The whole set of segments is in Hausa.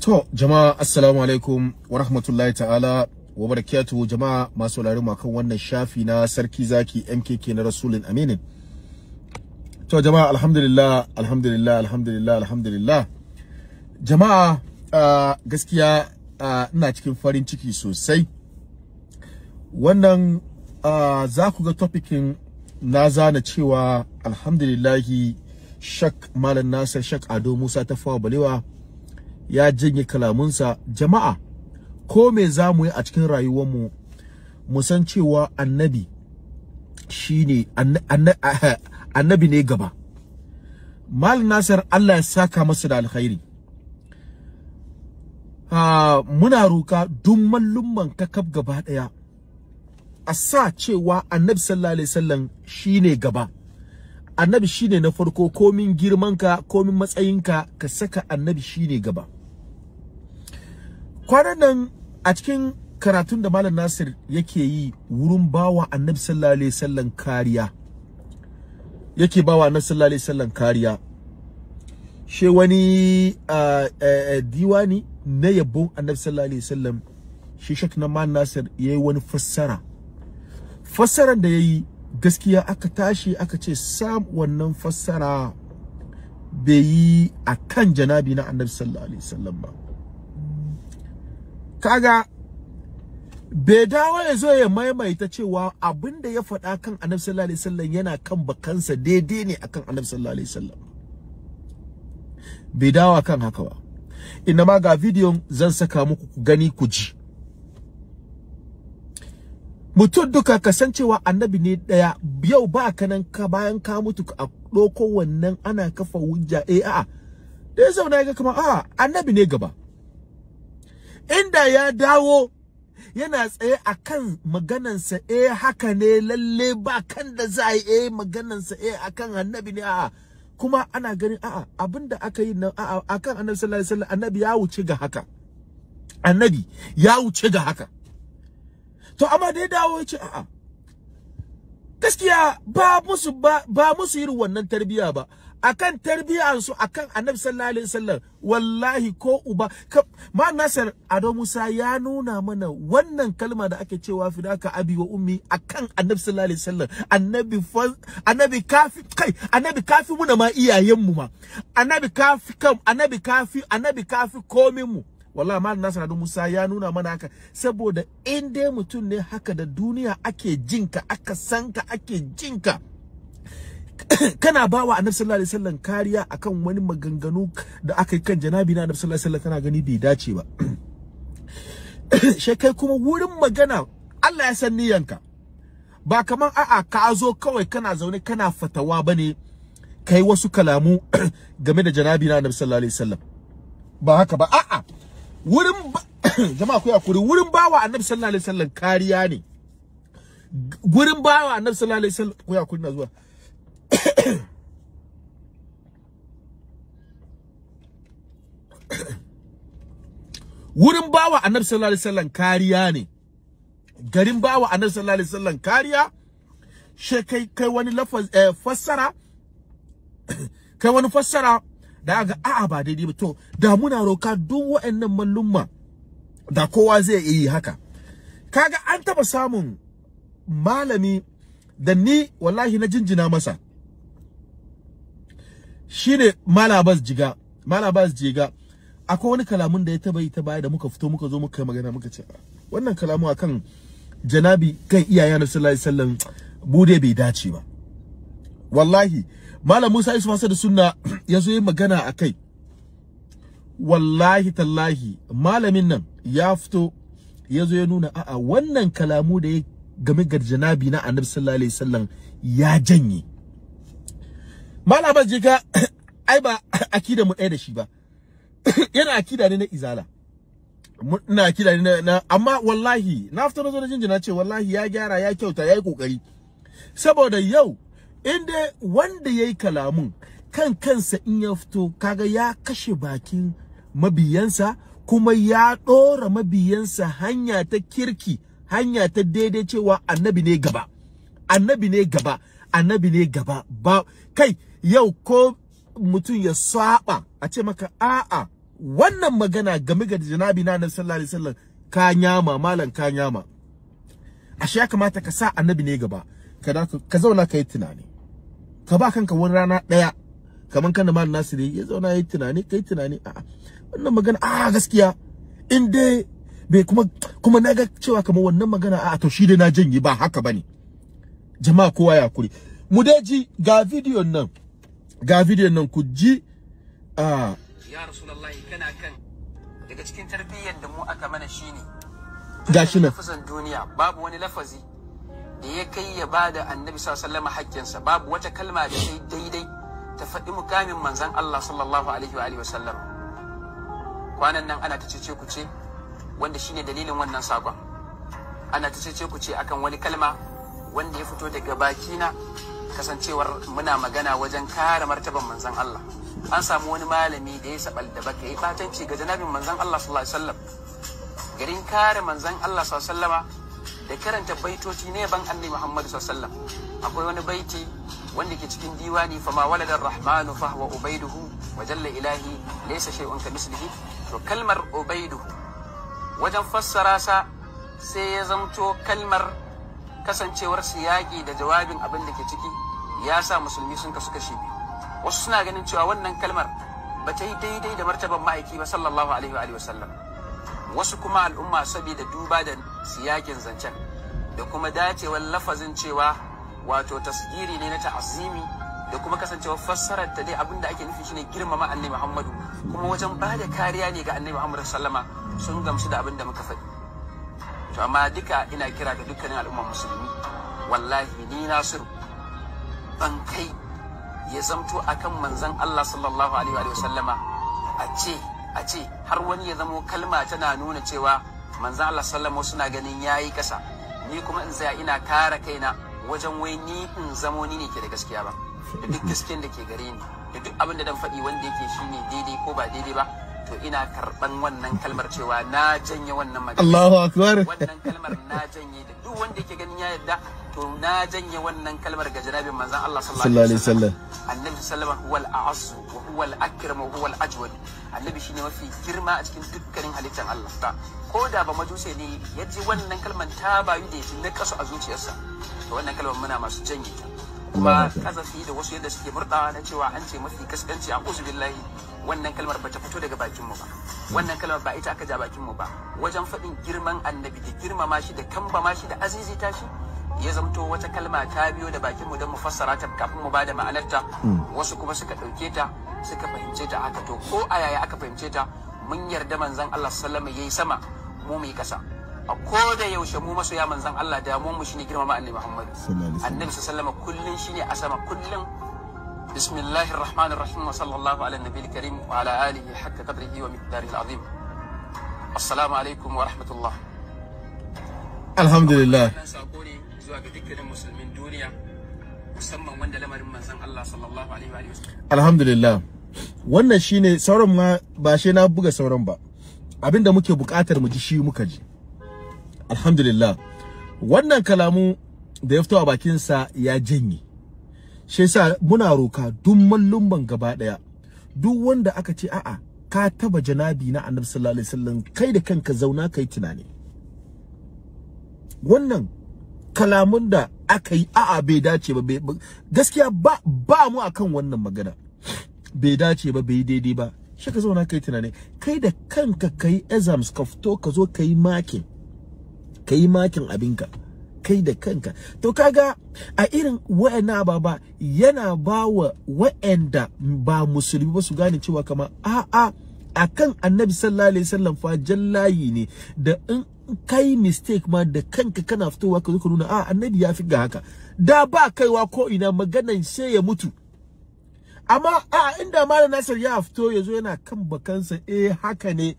To jama'a assalamu alaikum wa rahmatullahi ta'ala wa barakatuhu jama'a masu larin kan wannan shafi na sarki zaki MKK na Rasulun Aminin. To jama'a alhamdulillah alhamdulillah alhamdulillah alhamdulillah. Jama'a gaskiya ina cikin farin ciki sosai. Wannan uh, za ku ga topikin na zana cewa alhamdulillahi Shak Malam Nasir Shak Ado Musa ta fawa balewa ya janye kalamunsa jama'a ko me za mu yi a cikin rayuwarmu mu san cewa annabi shine annabi ne gaba mal nasir Allah ya saka masa da alkhairi a ah, muna roka duk mallumman kakaf gaba daya a sa cewa annabi sallallahu alaihi wasallam shine gaba annabi shine na farko komin girmanka komin matsayinka ka saka annabi shine gaba kwanan nan a cikin karatun da Malam Nasir yake yi wurin bawa Annabi sallallahu alaihi wasallam kariya yake bawa Annabi sallallahu alaihi wasallam kariya she wani uh, uh, diwani na yabon Annabi sallallahu alaihi wasallam shi shak na Malam Nasir yayi wani fassara fassaran da yayi gaskiya aka tashi aka ce sam wannan fassara bai yi akan janabi na Annabi sallallahu alaihi wasallam ba kaga bai dawo ya zo ya maimaita cewa abin da ya faɗa kan annabi sallallahu alaihi wasallam yana kan bakansa daidai ne akan annabi sallallahu alaihi wasallam bai dawo kan haka ba inna ma ga bidiyon zan saka muku ku gani ku ji mutum duka kasancewa cewa annabi ne ɗaya yau ba ka nan ka bayan ka mutu a ɗauko wannan ana kafa hujja eh a'a da zauna ya ga kamar a'a annabi ne gaba inda ya dawo yana tsaye a kan maganansa eh haka ne lalle ba kan da za a yi eh maganansa eh a kan annabi ne a'a kuma ana ganin a'a abinda da aka yi nan a'a a kan annabi sallallahu alaihi wasallam annabi ya wuce ga haka annabi ya wuce ga haka to amma da ya dawo ya ce a'a gaskiya ba musu ba, ba musu irin wannan tarbiyya ba akan tarbiyansu akan annabi sallallahu alaihi wasallam wallahi ko uba ma nasar ado musa ya nuna mana wannan kalma da ake cewa fidaka abi wa ummi akan annabi sallallahu alaihi wasallam annabi annabi kafi kai annabi kafi muna ma iyayen mu ma annabi kafi kam annabi kafi annabi kafi komin mu wallahi ma nasar ado musa ya nuna mana haka saboda in dai mutum ne haka da duniya ake jinka aka sanka ake jinka kana bawa annabi sallallahu alaihi wasallam kariya akan wani maganganu da aka yi kan janabi na annabi sallallahu alaihi wasallam kana gani bai dace ba shekai kuma wurin magana Allah ya san niyanka ba kaman a'a ka zo kawai kana zaune kana fatawa bane kai wasu kalamu game da janabi na annabi sallallahu alaihi wasallam ba haka ba a'a wurin jama'a ku kuri wurin bawa annabi sallallahu alaihi wasallam kariya ne wurin bawa annabi sallallahu alaihi wasallam ku kuri na zuwa wurin bawa annabi sallallahu alaihi wasallam kariya ne garin bawa annabi sallallahu alaihi wasallam kariya she kai kai wani lafaz eh, fassara kai wani fassara da aga a'a ba daidai ba to da muna roka duk waɗannan mallumma da kowa zai yi haka kaga an taba samun malami da ni wallahi na jinjina masa shine malabas jiga malabas jiga akwai wani kalamun da ya taba yi ta baya da muka fito muka zo muka yi magana muka ce ah, wannan kalamu akan janabi kan iyayen rasulullahi sallallahu alaihi wasallam bude bai dace ba wallahi malam Musa Yusuf Hassan da sunna ya zo yi magana a kai wallahi tallahi malamin nan ya fito ya zo ya nuna a'a wannan kalamu da ya game ga janabi na annabi sallallahu alaihi wasallam ya janye malama Abbas Jega ai ba akida mu ɗaya da shi ba. Yana akida ne na izala. Ina akida ne na amma wallahi na fita na zo na jinjina ce wallahi ya gyara ya kyauta ya yi kokari. Saboda yau inda wanda ya yi kalamun kan kansa in ya fito kaga ya kashe bakin mabiyansa kuma ya ɗora mabiyansa hanya ta kirki hanya ta daidai cewa annabi ne gaba annabi ne gaba annabi ne gaba ba kai yau ko mutum ya saba a ce maka a'a wannan magana game ga janabi na annabi sallallahu alaihi wasallam ka nyama malam ka nyama ashe ya kamata ka sa annabi ne gaba ka zauna ka yi tunani ka ba kanka wani rana ɗaya kaman kan da malam nasiri ya zauna ya yi tunani ka yi tunani a'a wannan magana a gaskiya in dai bai kuma kuma naga cewa kamar wannan magana a to shi dai na janye ba haka bane jama'a kowa ya kuri mu dai ji ga video nan ga bidiyon nan ku ji a ah. ya rasulullahi kana kan daga cikin tarbiyyar da mu aka mana shine gashi nan fasan duniya babu wani lafazi da ya kai ya bada annabi sallallahu alaihi wasallam hakkinsa babu wata kalma da sai daidai ta faɗi mukamin manzon Allah sallallahu alaihi wa alihi wasallam kwanan nan ana ta cece ku ce wanda shine dalilin wannan sakon ana ta cece ku ce akan wani kalma wanda ya fito daga bakina kasancewar muna magana wajen kare martaban manzon Allah an samu wani malami da ya sabal da baka yi batanci ga janabin manzon Allah sallallahu alaihi wasallam garin kare manzon Allah sallallahu alaihi wasallama da karanta baitoci ne ban annabi Muhammad sallallahu alaihi wasallam akwai wani baiti wanda ke cikin diwani fama waladar rahmanu fa huwa ubaiduhu wa jalla ilahi laysa shay'un ka mislihi to kalmar ubaiduhu wajen fassara sa sai ya zamto kalmar kasancewar su yaƙi da jawabin abin da ke ciki ya sa musulmi sun kasu kashi biyu wasu suna ganin cewa wannan kalmar ba ta yi daidai da martaban ma'aiki ba sallallahu alaihi wa sallam wasu kuma al'umma saboda duba da siyakin zancen da kuma dacewar lafazin cewa wato tasgiri ne na ta'azimi da kuma kasancewar fassarar ta dai abin da ake nufi shine girmama annabi Muhammadu kuma wajen ba da kariya ne ga annabi Muhammadu sallama sun gamsu da abin da muka faɗi to amma duka ina kira ga dukkanin al'ummar musulmi wallahi ni nasiru ban kai ya zamto akan manzon Allah sallallahu alaihi wa sallama a ce a ce har wani ya zamo kalma tana nuna cewa manzon Allah sallallahu suna ganin yayi kasa ni kuma in tsaya ina kare kaina wajen wai ni in zamo ni ne ke da gaskiya ba da duk gaskiyar da ke gare ni da duk abin da dan faɗi wanda yake shine daidai ko ba daidai ba to ina karɓan wannan kalmar cewa na janye wannan magana Allahu akbar wannan kalmar na janye da duk wanda yake ganin ya yadda to na janye wannan kalmar ga jarabin manzon Allah sallallahu alaihi wasallam annabi sallallahu alaihi wasallam huwal a'az wa huwal akram wa huwal ajwad annabi shine mafi girma a cikin dukkanin halittar Allah ta ko da ba majuse ne ya ji wannan kalmar ta bayu da yake na kasu a zuciyarsa to wannan kalmar muna masu janye ta kuma kazafi da wasu yadda suke murɗawa na cewa an ce mafi kaskanci a uzubillahi wannan kalmar ba ta fito daga bakinmu ba wannan kalmar ba ita aka ja bakinmu ba wajen faɗin girman annabi da girmama shi da kambama shi da azizita shi ya zamto wata kalma ta biyo da bakinmu don mu fassara ta kafin mu bada ma'anarta hmm. wasu kuma suka ɗauke ta suka fahimce ta haka to ko a yaya aka fahimce ta mun yarda manzon Allah sallama yayi sama mu mu kasa a ko da yaushe mu masoya manzon Allah da mu mu shine girmama annabi Muhammad annabi sallama kullun shine a sama kullun بسم الله الرحمن الرحيم وصلى الله على النبي الكريم وعلى آله حق قدره ومقداره العظيم السلام عليكم ورحمة الله الحمد لله alhamdulillah wannan shine sauran ma ba shi na buga sauran ba abinda muke bukatar mu ji shi muka ji alhamdulillah wannan kalamu da ya fito a sa ya janye shi yasa muna roka duk mallumban gaba daya duk wanda aka ce a'a ka taba janabi na annabi sallallahu alaihi wasallam kai da kanka zauna kai tunani wannan kalamun da aka yi a'a bai dace ba gaskiya ba ba mu akan wannan magana bai dace ba bai daidai ba shi ka zauna kai tunani kai da kanka kai exams ka fito ka zo kai makin kai makin abinka kai da kanka to kaga a irin wa'annan ababa yana bawa wa'anda ba musulmi ba su gane cewa kama a a akan annabi sallallahu alaihi wasallam fa jallayi ne da in kai mistake ma da kanka kana fitowa ka zuka nuna a annabi ya fi ga haka da ba kaiwa ko ina maganan sai ya mutu amma a inda malam nasir ya fito ya zo yana kan bakansa eh haka ne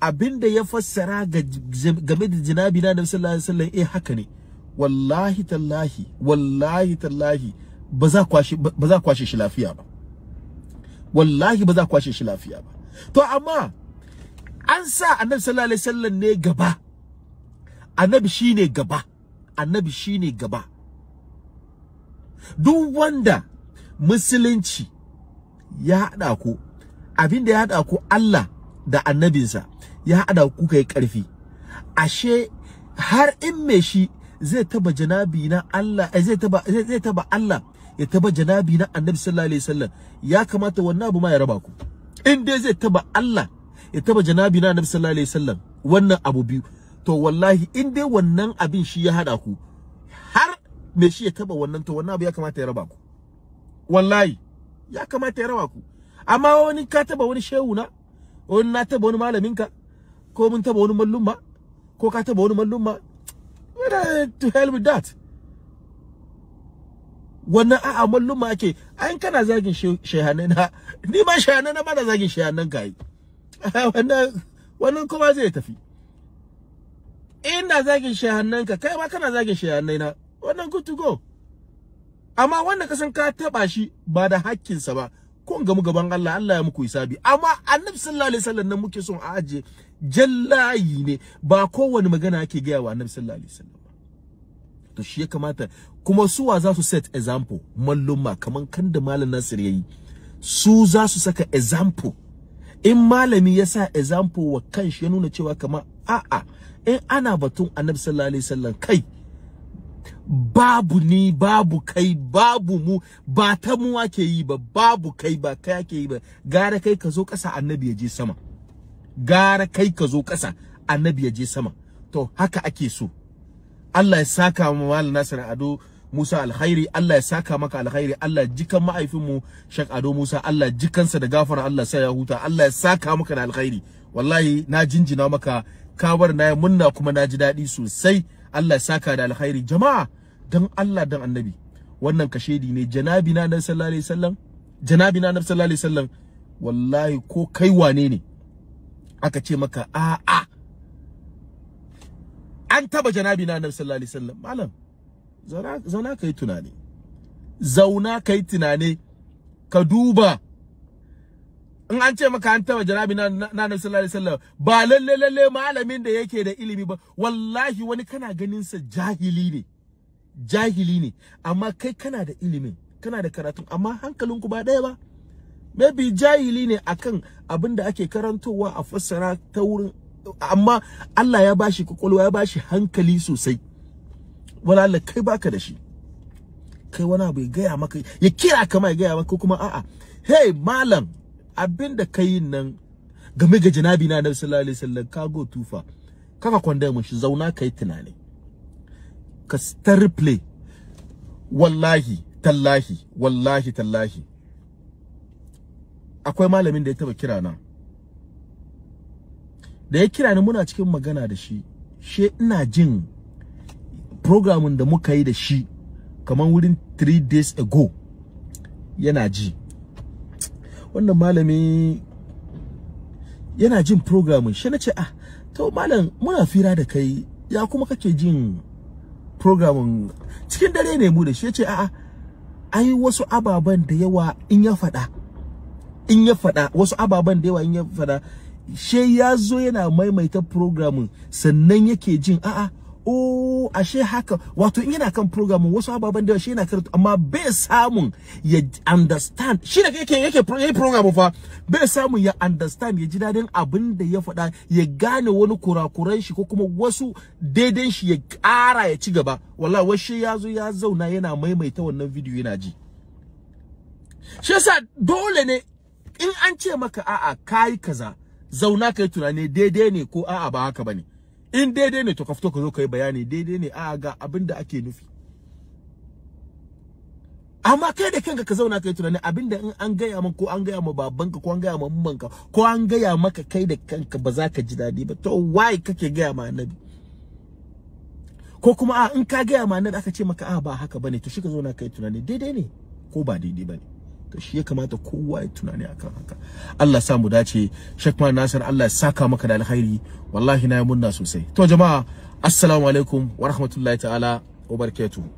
abinda ya fassara game da jinabi na sallallahu alaihi wasallam eh haka ne wallahi tallahi wallahi tallahi ba za kwashe ba shi lafiya ba wallahi ba za kwashe shi lafiya ba to amma an sa annabi sallallahu alaihi wasallam ne gaba annabi shine gaba annabi shine gaba duk wanda musulunci ya hada ku abinda ya hada ku Allah da annabinsa ya hada ku kai karfi ashe har in me shi zai taba janabi na Allah eh, zai taba zai taba Allah ya taba janabi na Annabi sallallahu alaihi wasallam ya kamata wannan abu ma ya raba ku in dai zai taba Allah ya taba janabi na Annabi sallallahu alaihi wasallam wannan abu biyu to wallahi in dai wannan abin shi ya hada ku har me shi ya taba wannan to wannan abu ya kamata ya raba ku wallahi ya kamata ya raba ku amma wani ka taba wani shehu na wani na taba wani malamin ka ko mun taba wani mallum ko ka taba wani mallum to hell with that wannan a'a malluma ake an kana zagin shehanai na ni ma shehanai na da zagin shehanan gayi wannan wannan kuma zai tafi ina zagin shehanan ka kai ma kana zagin shehanai na wannan good to go amma wanda ka san ka taba shi ba da hakkin sa ba kun gamu gaban Allah Allah ya muku isabi amma annabi sallallahu alaihi wasallam nan muke son a aje jallayi ne ba kowane magana ake gaya wa annabi sallallahu alaihi wasallam to shi ya kamata kuma suwa za su set example mallumma kaman kan da malam Nasir yayi su za su saka example in malami ya sa example wa kanshi ya nuna cewa kamar a'a in ana batun annabi sallallahu alaihi wasallam kai babu ni babu kai babu mu ba ta mu ake yi ba babu kai ba kai ake yi ba gara kai ka zo kasa annabi ya je sama gara kai ka zo kasa annabi ya je sama to haka ake so Allah ya saka mu Malam Nasir Ado Musa alkhairi Allah ya saka maka alkhairi Allah jikan mu Sheikh Ado Musa Allah jikansa da gafara Allah sai ya huta Allah ya saka maka da alkhairi wallahi na jinjina maka kawar na munna kuma na ji daɗi sosai Allah ya saka da alkhairi jama'a dan Allah dan annabi wannan kashedi ne janabi na nabi sallallahu alaihi wasallam janabi na nabi sallallahu alaihi wasallam wallahi ko kai wane ne aka ce maka a'a an taba janabi na annabi sallallahu alaihi wasallam malam zauna zauna kai tunani zauna kai tunani ka duba in an ce maka an taba janabi na annabi sallallahu alaihi wasallam ba lalle lalle malamin da yake da ilimi ba wallahi wani kana ganin sa jahili ne jahili ne amma kai kana da ilimin kana da karatu amma hankalinku ba daya ba maybe jahili ne akan abin da ake karantowa a fassara ta wurin amma Allah ya bashi kwakwalwa ya bashi hankali sosai wani Allah kai baka da shi kai wani abu ya gaya maka ya kira ka ya gaya maka kuma a'a hey malam abin da ka yi nan game ga janabi na Annabi sallallahu alaihi wasallam ka go tufa kaka kwanda mun shi zauna kai tunani ka star play wallahi tallahi wallahi tallahi akwai malamin da ya taba kira na da ya kira ni muna cikin magana da shi she ina jin programin da muka yi da shi kamar wurin 3 days ago yana ji wannan malami yana jin programin She na ce ah to malam muna fira da kai ya kuma kake jin programin cikin dare ne mu da shi ce a'a ai wasu ababen da yawa in ya faɗa in ya faɗa wasu ababen da yawa in ya faɗa she ya zo yana maimaita programin sannan yake jin a'a oh ashe haka wato in yana kan programin wasu ababen da shi yana karatu amma bai samun ya understand shi da yake yake fa bai samun ya understand ya ji dadin abin da ya faɗa ya gane wani kurakuran shi ko kuma wasu daidan shi ya ƙara ya ci gaba wallahi washe ya zo ya zauna yana maimaita wannan video yana ji shi yasa dole ne in an ce maka a'a kai kaza zauna ka yi tunani daidai ne ko a'a ba haka bane in daidai ne to ka fito ka zo kai bayani daidai ne a'a ga abin da ake nufi amma kai da kanka ka zauna ka yi tunani da in an gaya maka ko an gaya ma babanka ko an gaya ma mamanka ko an gaya maka kai da kanka ba za ka ji daɗi ba to why kake gaya ma annabi ko kuma a in ka gaya ma annabi aka ce maka a'a ba haka bane to shi ka zauna yi tunani daidai ne ko ba daidai bane to shi ya kamata kowa ya tunani akan haka Allah sa mu dace Sheikh Man Nasir Allah ya saka maka da alkhairi wallahi na yi munna sosai to jama'a assalamu alaikum wa rahmatullahi ta'ala wa